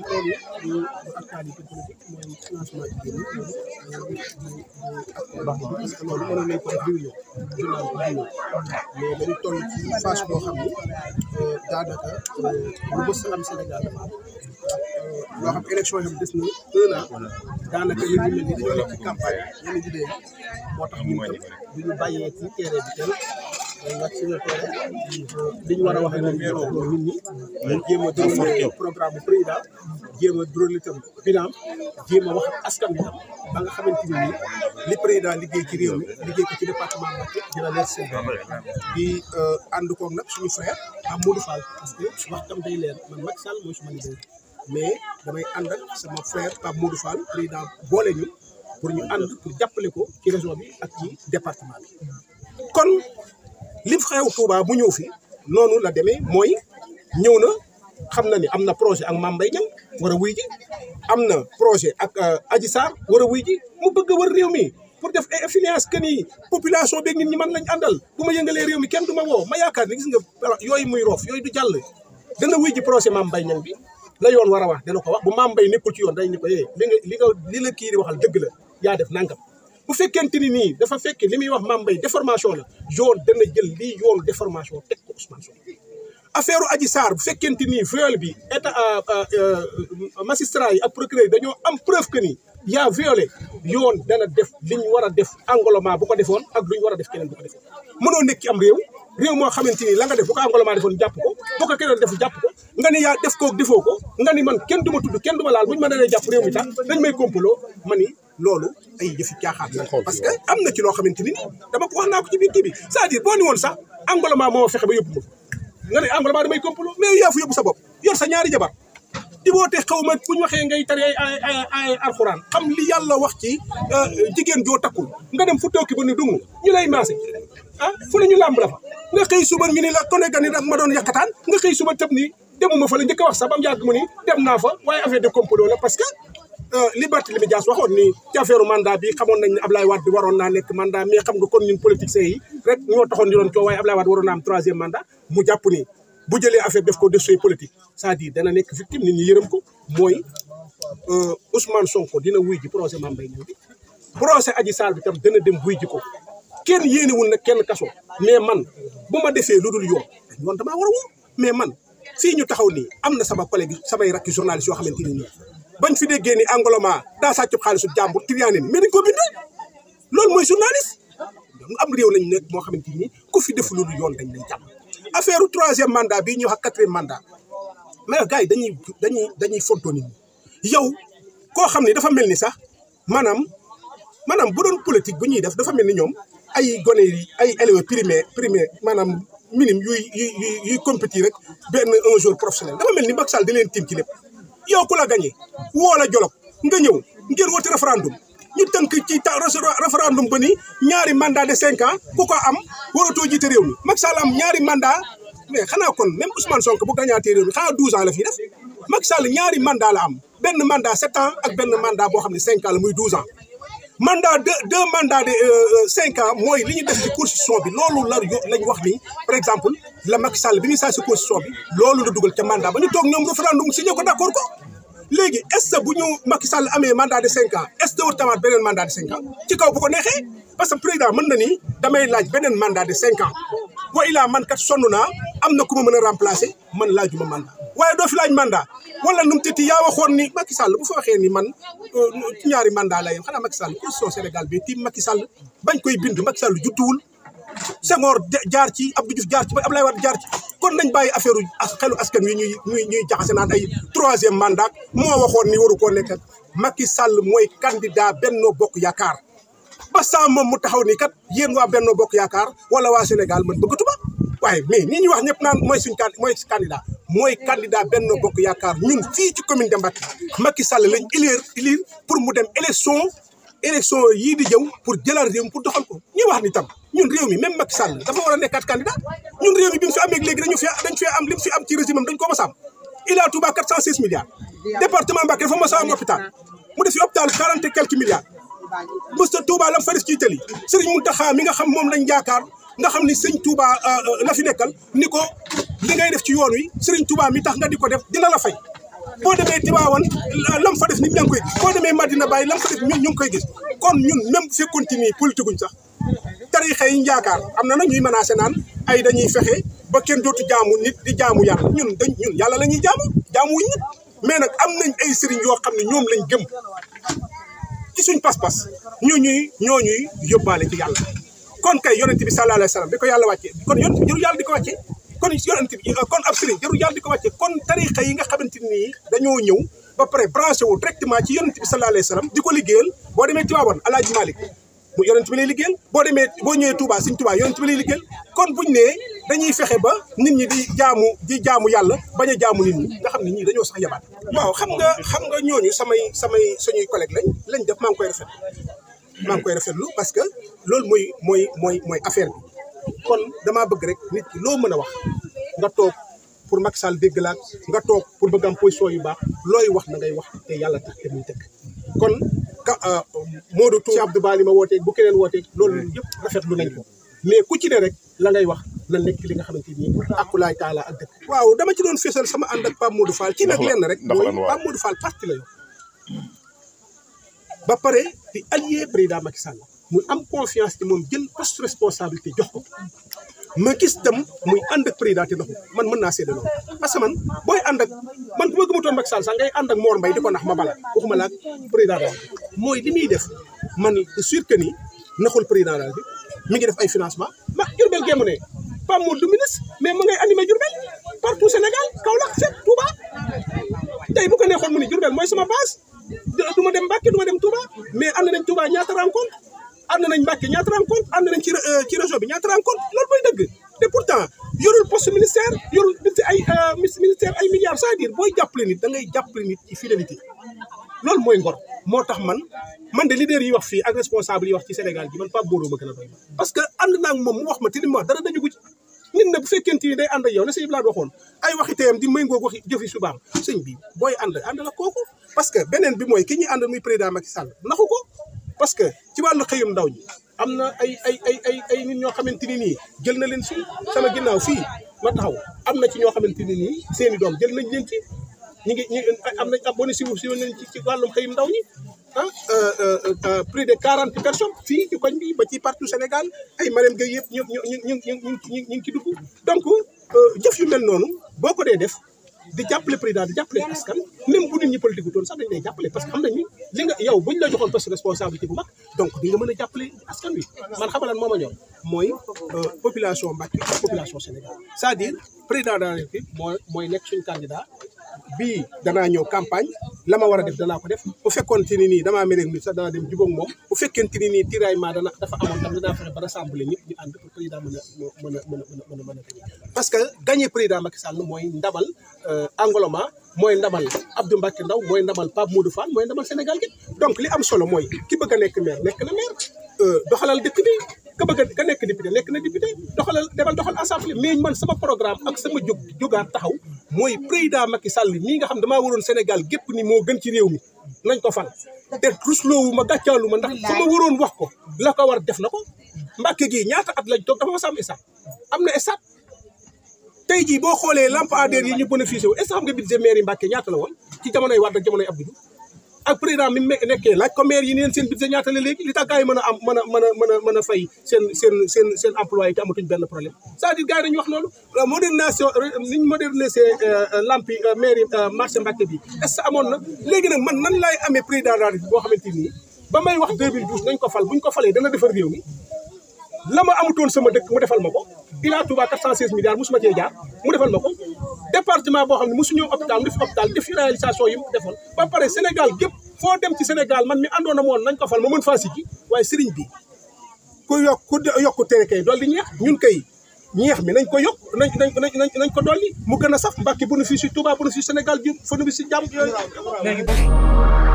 mais dañu toll ci boo xam ni euh, daanaka euh, lu bës am Sénégal dafa euh, xam élection yi des na un daanaka ñu ngi mel ni dañoo nekk ci campagne moo tax ñu duñu bàyyee ci terrain bi wax sur le terrain li ñu a wax ak ñun nit ñi dañ jéem a drôle programme bu président a drôle itam bilan jéem wax askan bi ba nga xamante ni nii li président liggéey ci réew mi liggéey ko ci département Mbacké euh, ànd koog nag suñu frère am Modou Fall tam day leer man Macky mais damay ànd ak sama frère Pape Modou boole ñu pour ñu ànd pour jàppale ko ci région bi ak ci département bi kon li xew Touba bu ñëw fi noonu la demee mooy ñëw na xam na ni am na projet ak Mame Mbaye Niang war a wuy ji am na projet ak euh, Adji Sarr war a wuy ji mu bëgg a war réew mi pour def ay finance que ni population beeg nit ñi mën nañ àndal bu ma yëngalee réew mi ken du ma woo ma yaakaar ni gis nga yooyu muy roof yooyu du jàll dana wuy ji projet Mame Mbaye Niang bi na yoon war a wax dana ko wax bu Mame Mbaye nekkul ci yoon day ni ko yee eh, li nga li nga kii di waxal dëgg la yaa def nangam bu fekkente ni nii dafa fekk li muy wax Mame Mbaye déformation la yoon dana jël lii yoonu déformation teg ko Ousmane Sonko affaire Adji bu fekkente ni viol bi état euh, euh, magistrat yi ak procureur dañoo am preuve que ni yaa violé yoon dana def li ñu war a def Angloma bu ko defoon ak lu ñu war a def keneen bu ko defoon mënoo nekk ci am réew réew moo xamante ni la nga def bu ko defoon jàpp ko bu ko keneen def jàpp ko nga ni yaa def koog defoo ko nga ni man kenn du tudd kenn du ma laal bu ñu ma nee jàpp réew mi tax dañ may kompaloo ma ni loolu ay jëfi caaxaan la parce que am na ci loo xamante ni dama ko wax naa ko ci biir kii bi c'est-à-dire boo ni woon sax Angloma moo fexe ba yóbbu nga ne xaw ma ñu waxee ngay tari ay ay ay alxuraan xam li yàlla wax ci euh, jigéen joo takkul nga dem fu tokki ba ne dungu ñu maase ah fu la ñu làmb la fa nga xëy suba ñu ni la kone nga xëy suba tëb ni demuma fa la njëkk wax sax ba mu yàgg dem naa waaye affaire de complot parce que Euh, Liberté li mu jaas waxoon ni ci affaire mandat bi xamoon nañ ne Ablaye Wade bi waroon naa nekk mandat mais xam nga kon ñun politiciens yi rek ñoo taxoon ñu doon coow mu jàpp ni bu jëlee affaire def ko dossier politique c'est-à-dire dana nekk victime nit ñi yërëm ko mooy euh, Ousmane Sonko dina wuy ji procès mamba Mbaye Niang bi procès Adji Sarr bi tam dana dem wuy ji ko kenn yéenewul nag kenn kaso mais man bu ma defee lu dul yoon yoon damaa war a mais man fii ñu taxaw nii am na sama collègue samay rakki journaliste yoo xamante ni nii bañ fi déggee ni Angloma daa sàcc xaalisu jàmbur Tiriyaane mais dañ ko bind loolu mooy journaliste am réew lañ nekk moo xamante ni ku fi def loolu yoon dañ lay jàpp affaire troisième mandat bii ñuy wax quatrième mandat mais gars yi dañuy dañuy dañuy fonto yow koo xam ne dafa mel ni sax maanaam maanaam bu doon politique bu ñuy def dafa mel ni ñoom ay gone yi ay élèves primaire primaire maanaam minime yuy yuy yuy compétir rek benn un jour professionnel dafa mel ni Macky Sall leen tiim ci lépp. yow ku la gagné woo la jolog nga ñëw ngir woote référendum ñu tënk ci ta référendum ba ni ñaari mandat de cinq ans ku ko am waratoo jiite réew mi Macky Sall am ñaari mandat mais xanaa kon même Ousmane Sonko bu gañaatee réew mi xanaa douze ans la fii def Macky ñaari mandat la am benn mandat sept ans ak benn mandat boo xam ne cinq ans la muy douze ans mandat de deux mandats de euh, cinq mooy li ñu def ci constitution bi loolu la lañ wax ni par exemple la Macky bi ñu saa si constitution bi loolu la dugal ca mandat ba ñu toog ñoom référendum léegi est-ce que bu ñu Sall amee mandat de cinq ans est-ce que wut tamaat beneen mandat de cinq ans ci kaw bu parce que président mën na ni damay laaj beneen mandat de cinq ans ilaa man kat sonn naa am na ku ma mën a remplacer man laajuma mandat waaye doo fi laaj mandat wala nu mu tëtti yaa waxoon ni Macky Sall bu fa waxee ni man euh, ñaari mandaa la yem xanaa Macky Sall constitution Sénégal bi tiim Macky Sall bañ koy bind Macky Sall judduwul Senghor jaar ci Abdou Diouf jaar ci ba Abdoulaye Wade jaar ci kon nañ bàyyi affaire ak xelu askan wi ñuy ñuy ñuy jaxase naan ay troisième mandat moo waxoon ni waru koo nekk Macky Sall mooy candidat Benno Bokk Yaakaar ba saa moom mu taxaw ni kat yéen waa Benno Bokk Yaakaar wala waa Sénégal man bëggatuma waaye mais ni ñuy wax ñëpp naan mooy suñ mooy candidat mooy candidat Benno Bokk Yaakaar ñun fii ci commune de Mbacké Macky Sall lañ élire élire pour mu dem élection élection yii di jëm pour jëlaat réew pour doxal ko ñuy wax ni tam ñun réew mi même Macky Sall war a nekkaat candidat ñun réew mi bi mu fi amee léegi dañu fi dañ fi am li mu fi am ci régime am dañ ko mos a am Ila Touba 406 milliards département Mbacké dafa mos a am hôpital mu def fi hôpital 40 et quelques milliards monsieur Touba lam fa def ci Italie Serigne Mountakha mi nga xam moom lañ yaakaar nga xam ni sëñ Touba euh, euh, la nekkal ni ko li ngay def ci yoon wi Serigne Touba mi tax nga di ko def dina la fay boo demee Tivaouane lam fa def nit ña boo demee Madina Baye lam fa def ñu ngi koy gis kon ñun même bu fekkoon ci nii politique tarixa yi njaakaar am na nag ñuy menacé naan ay dañuy fexe ba kenn dootu jaamu nit di jaamu yàlla ñun dañ ñun yàlla la ñuy jaamu jaamu wuñ mais nag am nañ ay sëriñ yoo xam ne ñoom lañ gëm ci suñ pas-pas ñooñuy ñooñuy yóbbaale ci yàlla kon kay yonente bi sallallahu alayhi ko yàlla wàccee kon yonente bi ko wàccee kon kon ab sëriñ jëru yàlla di ko wàccee kon tarixa yi nga xamante nii dañoo ñëw ba pare branché wu directement ci yonente bi sallallahu alayhi di ko liggéeyal boo demee Tiwaawan Alaaji Malik mu yonent bi lay liggéeyal boo demee boo ñëwee Touba Sëñ Touba yonent bi lay liggéeyal kon buñ nee dañuy fexe ba nit ñi di jaamu di jaamu yàlla bañ a jaamu nit ñi nga xam ne ñii dañoo sax yabaat waaw xam nga xam nga ñooñu samay samay suñuy collègue lañ lañ def maa ngi koy rafet maa ngi koy rafetlu parce que loolu mooy mooy mooy mooy affaire bi kon damaa bëgg rek nit ki loo mën a wax nga toog pour Macky Sall dégg laa nga toog pour bëgg am position yu baax looy wax na ngay wax yàlla tax Euh, Modou Touré Abdou Bali ma wooteeg bu keneen wooteeg loolu yëpp rafetlu nañ ko mais ku ci ne rek la ngay wax na nekk li nga xamante ni akulaay taala ak dëkk. waaw dama ci doon fésal sama ànd ak Pape Modou Fall. ci nag rek mooy Pape Modou Fall parti la yor. ba pare di allié président Macky Sall muy am confiance ci moom jël poste responsabilité jox ko. ma gis tam muy ànd ak man naa seede loolu parce que man booy ànd ak man bu ma gëmatoon Macky Sall sax ngay ànd ak Mor Mbaye di ko ndax ma bala waxuma la ak président mooy li muy def man sûr que ni naxul président daal bi mi ngi def ay financement ma Jurbel gémm ne Pape Modou du ministre mais mu ngay animé Jurbel partout Sénégal Kaolack fépp Touba tey bu ko neexoon mu ni Jurbel mooy sama base du ma dem Mbàkke du ma dem Touba mais am nañ Touba ñaata rencontre am nañ Mbàkke ñaata rencontre am nañ ci euh, ci région bi ñaata rencontre loolu mooy dëgg te pourtant yorul poste ministère yorul ay euh, ministère ay milliards c'est-à-dire booy jàppale nit da ngay jàppale nit ci fidélité loolu mooy ngor moo tax man man de leader yi wax fii ak responsable yi wax ci Sénégal gi man Pape Boro ma gën a doy moom mu wax ma te li mu wax dara dañu ko ci nit na bu fekkente ni day ànd ak yow la sëñ Blaad waxoon ay waxi teyam di may ngoog waxi jëfi subaam sëñ booy ànd ànd la kooku parce que beneen bi mooy ki ñuy ànd muy président Macky Sall naxu ko parce que ci wàllu xëyum ndaw ñi am na ay ay ay ay ay nit ñoo xamante ni nii jël na leen ci sama ginnaaw fii ma taxaw am na ci ñoo xamante ni nii seen i doom jël nañ leen ci ñu ngi ñu am nañ abonné si si nañ ci wàllum xëyum ndaw ñi ah euh, euh, euh, plus de quarante personnes fii ci koñ bi ba ci partout Sénégal ay Marème Gueye yëpp ñu ñu ñu ñu ñu ñu ngi ci dugg donc jëf yu mel noonu boo ko dee def di jàppale président di jàppale askan même bu nit ñi politique gu doon sax dañ lay jàppale parce que am nañu li nga yow buñ la joxoon poste responsabilité bu mag donc di nga mën a jàppale askan wi man xamalan moo ma ñor mooy population Mbacké population Sénégal c'est-à-dire président de la République moo mooy nekk suñu candidat bii danaa ñëw campagne la ma war a def danaa ko def bu fekkoon te ni nii damaa mere nit sax danaa dem moom u fekkeen te ni nii tiraillement dana dafa amoon tam danaa fexe ba rassembler ñëpp ñu ànd parce que gagné président Macky Sall mooy ndabal euh, Angloma mooy ndamal Abdou Mbacké Ndaw mooy ndamal Pape Modou Fall mooy ndamal Sénégal gi donc li am solo mooy ki bëgg nekk maire nekk na maire euh, doxalal dëkk bi ka bëgg ka nekk député nekk na député doxalal demal doxal assemblée mais man sama programme ak sama jóg jógaat taxaw mooy président Macky salli mii nga xam damaa waroon senegal gépp ni moo gën ci réew mi nañ ko fan te rusloowu ma gàccaalu ma ndax su ma waroon wax ko la ko war def na ko Mbàkke gii ñaata at lañ toog dafa ma sa am esat am na esat tey jii boo xoolee lampadaire yi ñu bénéficié wu est xam nga budget mairie Mbàkke ñaata la woon ci jamonoy Wade ak jamonoy Abdou Diouf ak président mi nekkee laaj ko maire yi neen seen budget ñaata la léegi li tax gars yi mën a am mën a mën a mën a mën a fay seen sen sen seen emploi yi te amatuñ benn problème c'est-à-dire gars yi dañu wax loolu modernisation niñ moderniser euh, lampi euh, mairie euh, marché Mbacké bi est que amoon na léegi nag man nan laay amee président de la République boo xamante ba may wax 2012 nañ ko fal buñ ko falee dana defar réew la ma amutoon sama dëkk mu defal ma ko Ila Touba 416 milliards musuma cee jaar mu defal ma ko département boo xam ne mosu ñëw hôpital def hôpital def réalisation yi mu defoon ba pare Sénégal gépp foo dem ci Sénégal man mi àndoon na moon nañ ko fal ma mën faa sikki waaye sëriñ bi ku yokk ku yokk tere kay dolli ñeex ñun kay ñeex mi nañ ko yokk nañ nañ nañ nañ ko dolli mu gën a saf Mbàkke bu nu fii si Touba bu nu fii Sénégal bi fa nu bi si jàmm yooyu